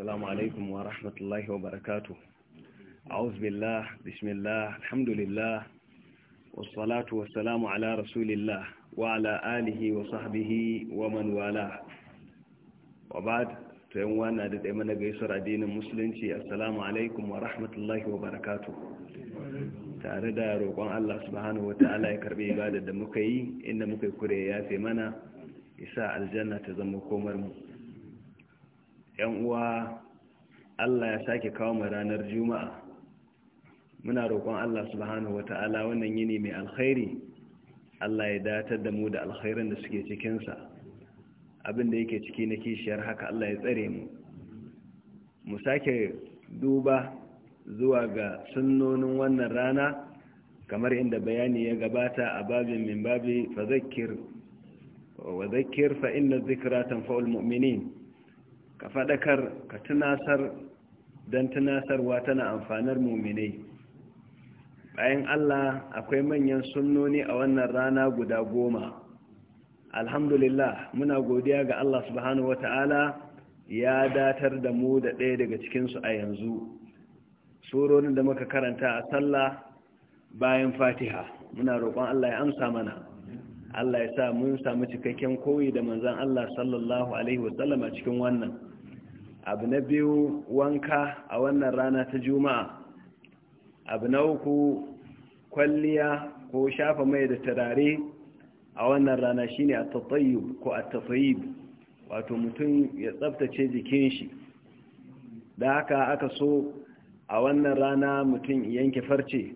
السلام عليكم ورحمة الله وبركاته أعوذ بالله بسم الله الحمد لله والصلاة والسلام على رسول الله وعلى آله وصحبه ومن والاه وبعد تيوانا دائما قيصر دين المسلم السلام عليكم ورحمة الله وبركاته tare da roƙon Allah subhanahu ta'ala ya karbi ibadar da muka yi inda muka kure ya fi mana isa aljanna ta zama komar mu yan uwa Allah ya sake kawo mu ranar juma'a muna roƙon Allah subhanahu wata'ala wannan yini mai alkhairi Allah ya datar da mu da alkhairan da suke cikinsa abin da yake ciki na kishiyar haka Allah ya tsare mu mu sake duba zuwa ga sunnonin wannan rana kamar inda bayani ya gabata a babin min babi fa zakkir wa zakkir fa inna dhikra tanfa'ul mu'minin ka faɗakar ka tunasar don tunasarwa tana amfanar muminai bayan Allah akwai manyan sunnoni a wannan rana guda goma alhamdulillah muna godiya ga Allah subhanahu wata'ala ya datar da mu da ɗaya daga cikinsu a yanzu surorin da muka karanta a sallah bayan fatiha muna roƙon Allah ya amsa mana Allah ya sa mun samu cikakken koyi da manzan Allah sallallahu Alaihi wasallama cikin wannan abu na biyu wanka a wannan rana ta juma'a abu na uku kwalliya ko shafa mai da turare a wannan rana shine a tattayi ko a wato mutum ya tsabtace jikin shi da haka aka so a wannan rana mutum yanke farce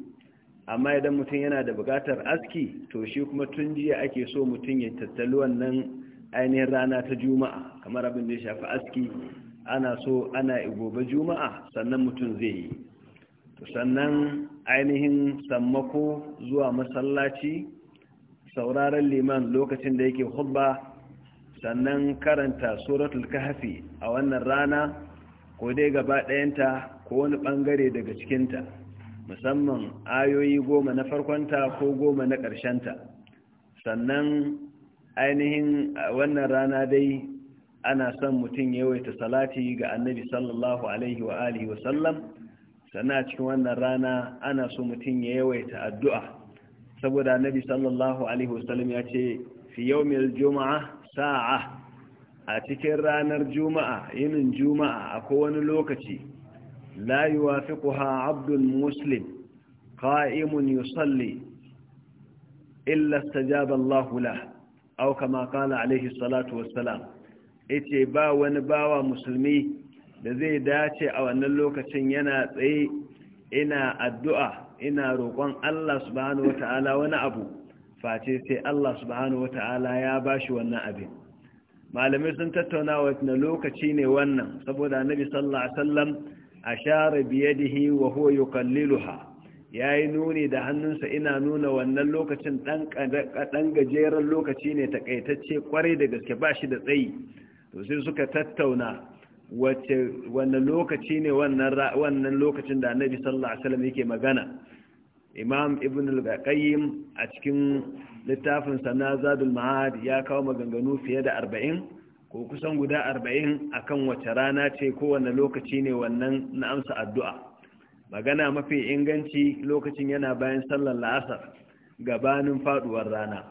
amma idan mutum yana da buƙatar aski to shi kuma tun jiya ake so mutum ya tattali wannan ainihin rana ta juma'a kamar abin da ya shafi aski ana so ana gobe juma'a sannan mutum zai yi sannan ainihin sammako zuwa masallaci sauraron liman lokacin da yake hubba sannan karanta suratul kahfi a wannan rana ko dai gaba ɗayanta ko wani ɓangare daga cikinta musamman ayoyi goma na farkonta ko goma na ƙarshenta sannan ainihin wannan rana dai ana son mutum yawaita salati ga annabi sallallahu alaihi wa alihi wa sallam sannan cikin wannan rana ana so mutum ya yawaita addu'a saboda annabi sallallahu alaihi wa sallam ya ce fi yawmil juma'a sa'a a cikin ranar juma'a yinin juma'a akwai wani lokaci la yuwafiquha abdul muslim qa'imun yusalli illa istajaba Allahu lahu aw kama qala alaihi salatu wassalam ce ba wani bawa musulmi da zai dace a wannan lokacin yana tsaye ina addu'a ina roƙon Allah subhanahu wata'ala wani abu face sai Allah subhanahu wata'ala ya ba shi wannan abin malamai sun tattauna na lokaci ne wannan saboda nabi sallallahu alaihi share ashara biyadihi wa yayi nuni da hannunsa ina nuna wannan lokacin ɗan gajeren lokaci ne takaitacce kwarai da gaske shi da tsayi to sai suka tattauna wace wannan lokaci ne wannan lokacin da annabi sallallahu alaihi wasallam yake magana imam ibn al-qayyim a cikin littafin sana zadul ma'ad ya kawo maganganu fiye da 40 ko kusan guda 40 akan wace rana ce ko wanne lokaci ne wannan na amsa addu'a magana mafi inganci lokacin yana bayan sallar la'asar gabanin faduwar rana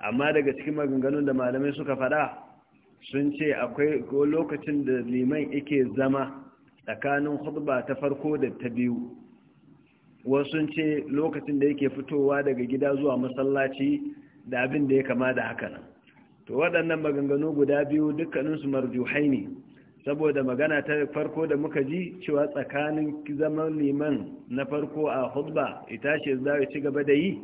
amma daga cikin maganganun da malamai suka fada sun ce akwai ko lokacin da liman yake zama tsakanin khutba ta farko da ta biyu wasu ce lokacin da yake fitowa daga gida zuwa masallaci da abin da ya kama da haka nan to waɗannan maganganu guda biyu dukkaninsu marjuhai ne saboda magana ta farko da muka ji cewa tsakanin zaman liman na farko a hudba ita ce za ci gaba da yi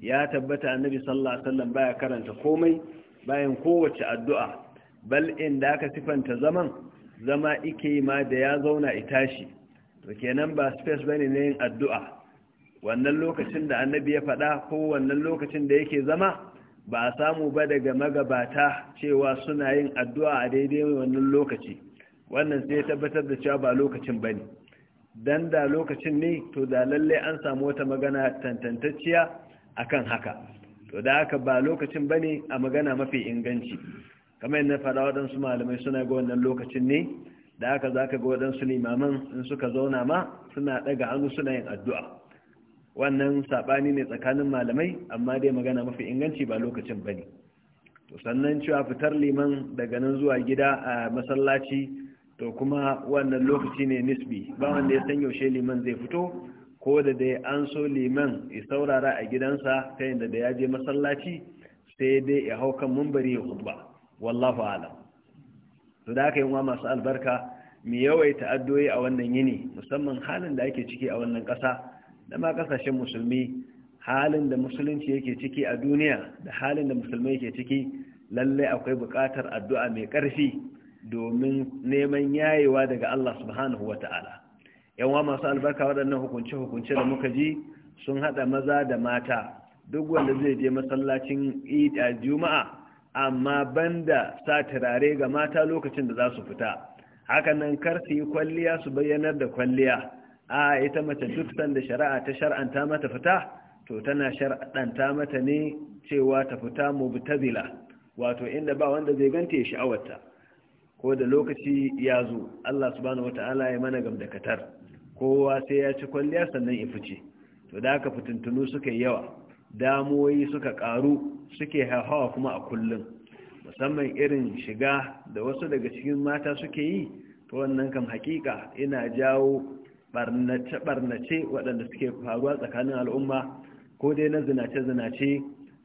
ya tabbata annabi sallallahu alaihi wasallam baya karanta komai bayan kowace addu'a bal da aka sifanta zaman zama ike ma da ya zauna itashi to kenan ba space bane ne yin addu'a wannan lokacin da annabi ya faɗa ko wannan lokacin da yake zama ba a samu ba daga magabata cewa suna yin addu'a a daidai wannan lokaci wannan sai tabbatar da cewa ba lokacin bane dan da lokacin ne to da lalle an samu wata magana tantantacciya akan haka to da haka ba lokacin bane a magana mafi inganci kamar yadda faɗa waɗansu malamai suna ga wannan lokacin ne da haka za ka ga waɗansu limaman in suka zauna ma suna ɗaga hannu suna yin addu'a wannan saɓani ne tsakanin malamai amma dai magana mafi inganci ba lokacin ba ne sannan cewa fitar liman daga nan zuwa gida a masallaci to kuma wannan lokaci ne nisbi ba wanda ya san yaushe liman zai fito ko da dai an so liman ya saurara a gidansa ta yadda da ya je masallaci sai dai ya hau kan mumbari ya hudba wallahu alam to da aka yi wa masu albarka mu yawaita addu'o'i a wannan yini musamman halin da ake ciki a wannan ƙasa da ma ƙasashen musulmi halin da musulunci yake ciki a duniya da halin da musulmai yake ciki lallai akwai buƙatar addu'a mai ƙarfi domin neman yayewa daga Allah subhanahu wa ta'ala yawan masu albarka waɗannan hukunce-hukunce da muka ji sun haɗa maza da mata duk wanda zai je masallacin juma'a amma banda sa turare ga mata lokacin da za su fita hakanan kar su yi kwalliya su bayyanar da kwalliya a ita mace duk sanda shari'a ta shar'anta mata fita to tana shar'anta mata ne cewa ta fita mubtazila wato inda ba wanda zai ganta ya sha'awarta ko da lokaci ya zo Allah subhanahu wata'ala ya mana gamdakatar kowa sai ya ci kwalliya sannan ya fice to da haka fitintunu suka yi yawa damoyi suka karu suke hawa kuma a kullum musamman irin shiga da wasu daga cikin mata suke yi to wannan kam hakika ina jawo barnace-barnace waɗanda suke faruwa tsakanin al'umma ko dai na zinace-zinace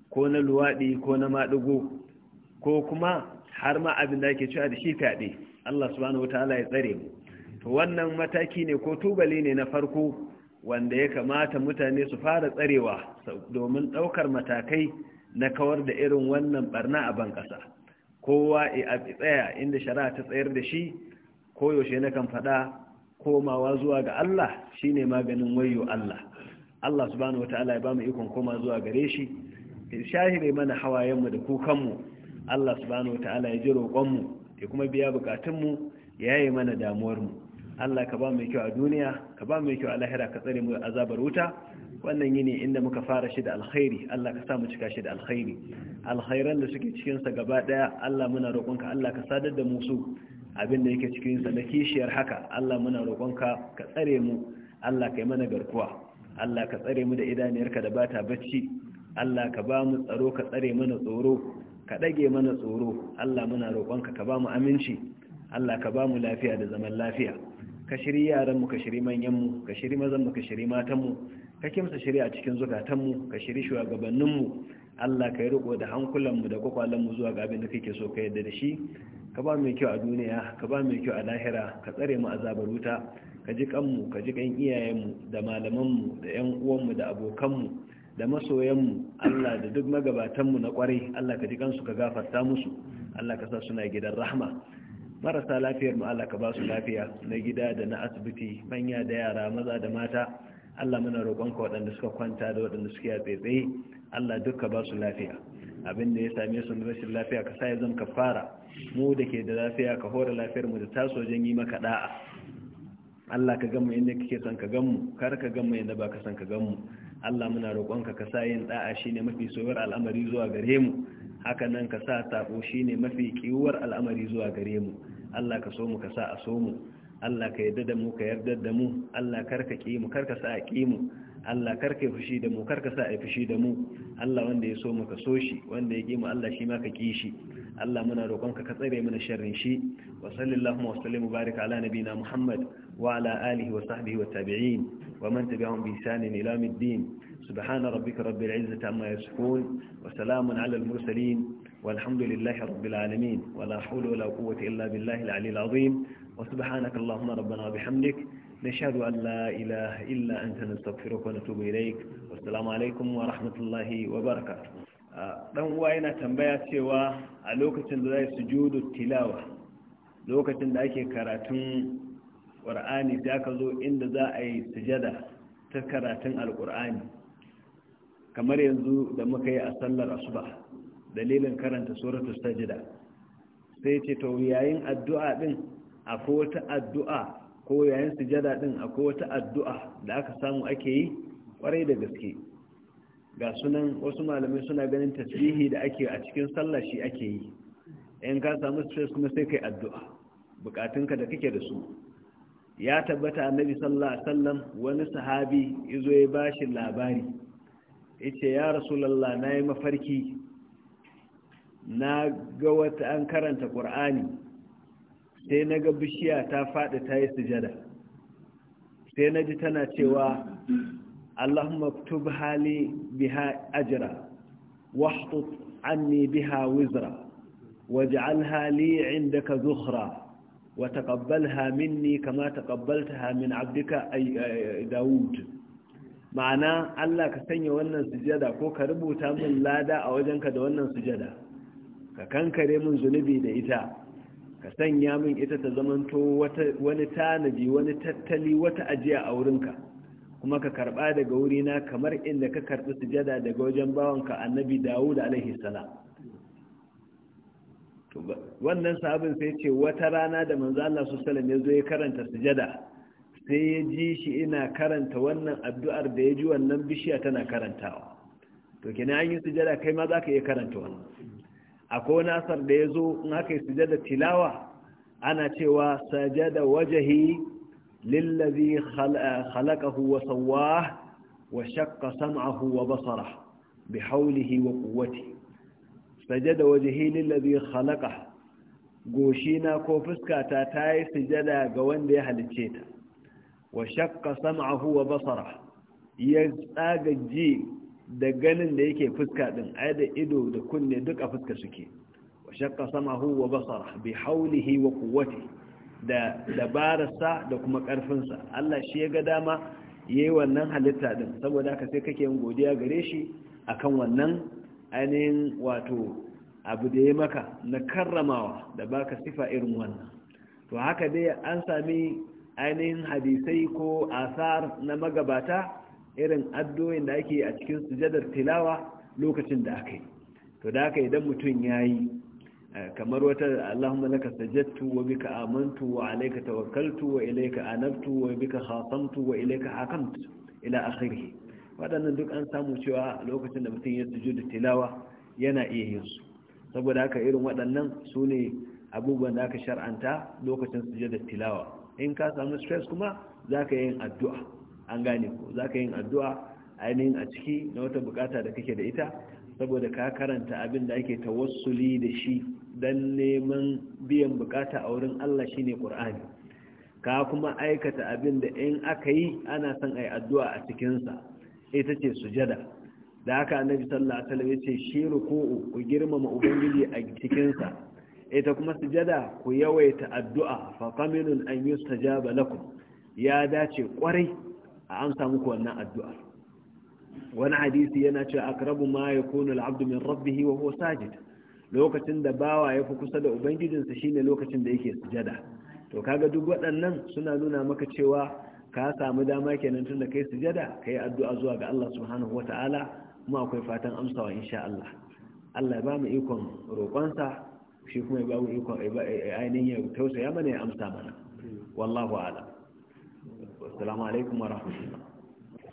ko na luwaɗi ko na maɗigo ko kuma har ma abin da ake cewa da shi fyaɗe Allah subhanahu wa ta'ala ya tsare mu to wannan mataki ne ko tubali ne na farko wanda ya kamata mutane su fara tsarewa domin ɗaukar matakai na kawar da irin wannan barna a bankasa kowa a tsaya inda shari'a ta tsayar da shi koyaushe na kan faɗa komawa zuwa ga Allah shi ne maganin wayo Allah Allah subhanahu wataala ya bamu ikon koma zuwa gare shi shahire mana hawayenmu da kukanmu Allah subhanahu wataala ya ji roƙonmu ya kuma biya bukatunmu ya yi mana damuwarmu Allah ka ba mai kyau a duniya ka ba mai kyau a lahira ka tsare mu azabar wuta wannan yini inda muka fara shi da alkhairi Allah ka sa mu cika shi da alkhairi alkhairan da suke cikin sa gaba daya Allah muna roƙonka Allah ka sadar da mu su abin da yake cikin sa na kishiyar haka Allah muna roƙonka ka tsare mu Allah kai mana garkuwa Allah ka tsare mu da idaniyarka da bata bacci Allah ka ba mu tsaro ka tsare mana tsoro ka ɗage mana tsoro Allah muna roƙonka ka ba mu aminci Allah ka ba mu lafiya da zaman lafiya ka shiri yaranmu ka shiri manyanmu ka shiri mazanmu ka shiri matanmu ka kimsa shiri a cikin zukatanmu ka shiri shugabanninmu Allah ka yi riko da hankulanmu da kwakwalanmu zuwa ga abin da kake so ka yadda da shi ka ba mai kyau a duniya ka ba mai kyau a lahira ka tsare mu azabar wuta ka ji kanmu ka ji kan iyayenmu da malamanmu da yan uwanmu da abokanmu da masoyanmu Allah da duk magabatanmu na kwarai Allah ka ji kansu ka gafarta musu Allah ka sa suna gidan rahma marasa lafiyar mu Allah ka ba su lafiya na gida da na asibiti manya da yara maza da mata Allah muna roƙonka waɗanda suka kwanta da waɗanda suke a tsaitsaye Allah ka ba su lafiya abin da ya same su rashin lafiya ka sa ya ka fara mu da ke da lafiya ka hora lafiyar mu da taso wajen yi maka da'a Allah ka gamu inda kake son ka gamu kar ka gamu inda ba ka son ka gamu Allah muna roƙonka ka sa yin da'a shine mafi soyar al'amari zuwa gare mu haka nan ka sa shi shine mafi kiwuwar al'amari zuwa gare mu Allah ka so mu ka sa a so mu Allah ka yarda da mu ka yarda da mu Allah karka ƙi mu karka sa a ƙi mu Allah karka fushi da mu karka sa a fushi da mu Allah wanda ya so mu ka so shi wanda ya ki mu Allah shi ma ka ki shi Allah muna roƙon ka ka tsare mana sharrin shi wa sallallahu wa sallam baraka ala nabina Muhammad wa ala alihi wa sahbihi wa tabi'in ومن تبعهم بإحسان إلى الدين سبحان ربك رب العزة عما يصفون وسلام على المرسلين والحمد لله رب العالمين ولا حول ولا قوة إلا بالله العلي العظيم وسبحانك اللهم ربنا وبحمدك نشهد أن لا إله إلا أنت نستغفرك ونتوب إليك والسلام عليكم ورحمة الله وبركاته dan uwa yana tambaya cewa a lokacin da zai sujudu tilawa lokacin da ake karatun ƙur'ani sai aka zo inda za a yi sujada ta karatun alƙur'ani kamar yanzu da muka yi a sallar asuba dalilin karanta suratu sajida sai ce to yayin addu'a din akwai wata addu'a ko yayin sujada din akwai wata addu'a da aka samu ake yi kwarai da gaske ga sunan wasu malamai suna ganin tasbihi da ake a cikin sallah shi ake yi in ka samu stress kuma sai kai addu'a bukatunka da kake da su ya tabbata annabi sallallahu alaihi wasallam wani sahabi yazo ya bashi labari yace ya rasulullah nayi mafarki na ga wata an karanta qur'ani sai na ga bishiya ta faɗi ta yi sujada sai na ji tana cewa allahumma ktub hali biha ajra wahtut anni biha wizra waj'alha li indaka zukhra وتقبلها مني كما تقبلتها من عبدك أي داود ma'ana Allah ka sanya wannan sujada ko ka rubuta min lada a wajenka da wannan sujada ka kankare min zunubi da ita ka sanya min ita ta zamanto wani tanadi, wani tattali wata ajiya a wurinka kuma ka karba daga wurina kamar inda ka karbi sujada daga wajen bawanka annabi Dawud alaihi salam wannan sabin sai ce wata rana da Manzana Allah su sallam ya zo ya karanta sujada sai ya ji shi ina karanta wannan addu'ar da ya ji wannan bishiya tana karantawa to kenan an yi sujada kai ma za ka iya karanta wannan akwai wani asar da ya zo in aka yi sujada tilawa ana cewa sajada wajahi lillazi khalaqahu wa sawwah wa shaqqa sam'ahu wa basarah bi hawlihi wa quwwatihi sajada wajhi halaka khalaqa na ko fuskata ta yi sujada ga wanda ya halice ta wa shakka sam'ahu wa basara ya tsaga ji da ganin da yake fuska din ai da ido da kunne duk a fuska suke wa shakka sam'ahu wa basara bi haulihi wa quwwati da dabararsa da kuma karfinsa Allah shi ya ga dama yayi wannan halitta din saboda haka sai kake yin godiya gare shi akan wannan ainihin wato abu da ya maka na karramawa da baka sifa irin wannan to haka dai an sami ainihin hadisai ko asar na magabata irin addoyin da ake a cikin sujadar tilawa lokacin da aka yi to da haka idan mutum ya yi eh, kamar wata Allahumma laka sajadtu wa bika amantu wa alayka tawakkaltu wa ilayka anabtu wa bika khatamtu wa ilayka hakamtu ila akhirih waɗannan duk an samu cewa lokacin da mutum ya da tilawa yana iya yin su saboda haka irin waɗannan su ne abubuwan da aka shar'anta lokacin da tilawa in ka samu stress kuma za ka yin addu'a an gane ko za ka yin addu'a ainihin a ciki na wata bukata da kake da ita saboda ka karanta abin da ake tawassuli da shi don neman biyan bukata a wurin Allah shine Qur'ani ka kuma aikata abin da in aka yi ana son a yi addu'a a cikinsa ita ce sujada da haka annabi sallallahu alaihi wasallam yace shi ruku'u ku girmama ubangiji a cikin sa ita kuma sujada ku yawaita addu'a fa qamilun an yustajaba lakum ya dace kwarai a amsa muku wannan addu'a wani hadisi yana cewa akrabu ma yakunu al'abdu min rabbihi wa huwa sajid lokacin da bawa ya fi kusa da ubangijinsa shine lokacin da yake sujada to kaga duk waɗannan suna nuna maka cewa ka samu dama kenan tun da kai sujada ka yi addu'a zuwa ga Allah subhanahu wata'ala kuma akwai fatan amsawa insha Allah Allah ya ba mu ikon roƙonsa shi kuma ya ba mu ikon ainihin ya tausaya mana ya amsa mana wallahu ala assalamu alaikum wa rahmatullah